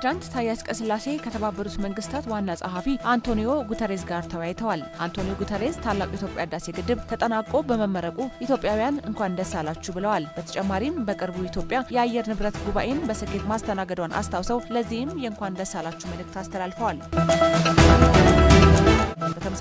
ፕሬዚዳንት ታዬ አጽቀሥላሴ ከተባበሩት መንግስታት ዋና ጸሐፊ አንቶኒዮ ጉተሬዝ ጋር ተወያይተዋል። አንቶኒዮ ጉተሬዝ ታላቁ የኢትዮጵያ ህዳሴ ግድብ ተጠናቆ በመመረቁ ኢትዮጵያውያን እንኳን ደስ አላችሁ ብለዋል። በተጨማሪም በቅርቡ ኢትዮጵያ የአየር ንብረት ጉባኤን በስኬት ማስተናገዷን አስታውሰው ለዚህም የእንኳን ደስ አላችሁ መልእክት አስተላልፈዋል።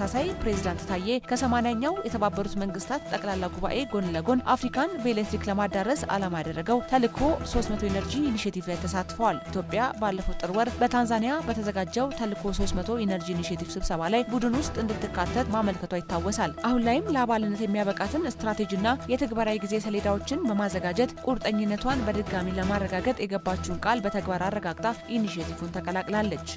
በተመሳሳይ ፕሬዚዳንት ታዬ ከ80ኛው የተባበሩት መንግስታት ጠቅላላ ጉባኤ ጎን ለጎን አፍሪካን በኤሌክትሪክ ለማዳረስ ዓላማ ያደረገው ተልዕኮ 300 ኢነርጂ ኢኒሽቲቭ ላይ ተሳትፈዋል። ኢትዮጵያ ባለፈው ጥር ወር በታንዛኒያ በተዘጋጀው ተልኮ 300 ኢነርጂ ኢኒሽቲቭ ስብሰባ ላይ ቡድን ውስጥ እንድትካተት ማመልከቷ ይታወሳል። አሁን ላይም ለአባልነት የሚያበቃትን ስትራቴጂና የትግበራዊ ጊዜ ሰሌዳዎችን በማዘጋጀት ቁርጠኝነቷን በድጋሚ ለማረጋገጥ የገባችውን ቃል በተግባር አረጋግጣ ኢኒሽቲቭን ተቀላቅላለች።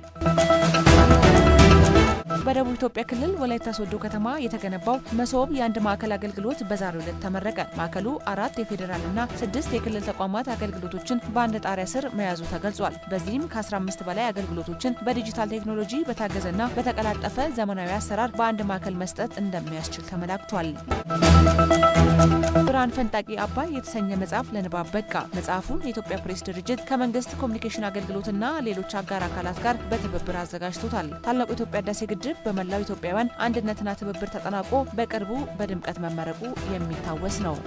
በደቡብ ኢትዮጵያ ክልል ወላይታ ሶዶ ከተማ የተገነባው መሶብ የአንድ ማዕከል አገልግሎት በዛሬው ዕለት ተመረቀ። ማዕከሉ አራት የፌዴራልና ስድስት የክልል ተቋማት አገልግሎቶችን በአንድ ጣሪያ ስር መያዙ ተገልጿል። በዚህም ከ15 በላይ አገልግሎቶችን በዲጂታል ቴክኖሎጂ በታገዘና በተቀላጠፈ ዘመናዊ አሰራር በአንድ ማዕከል መስጠት እንደሚያስችል ተመላክቷል። ብርሃን ፈንጣቂ አባይ የተሰኘ መጽሐፍ ለንባብ በቃ። መጽሐፉን የኢትዮጵያ ፕሬስ ድርጅት ከመንግስት ኮሚኒኬሽን አገልግሎትና ሌሎች አጋር አካላት ጋር በትብብር አዘጋጅቶታል። ታላቁ የኢትዮጵያ ህዳሴ ግድብ ምድብ በመላው ኢትዮጵያውያን አንድነትና ትብብር ተጠናቆ በቅርቡ በድምቀት መመረቁ የሚታወስ ነው።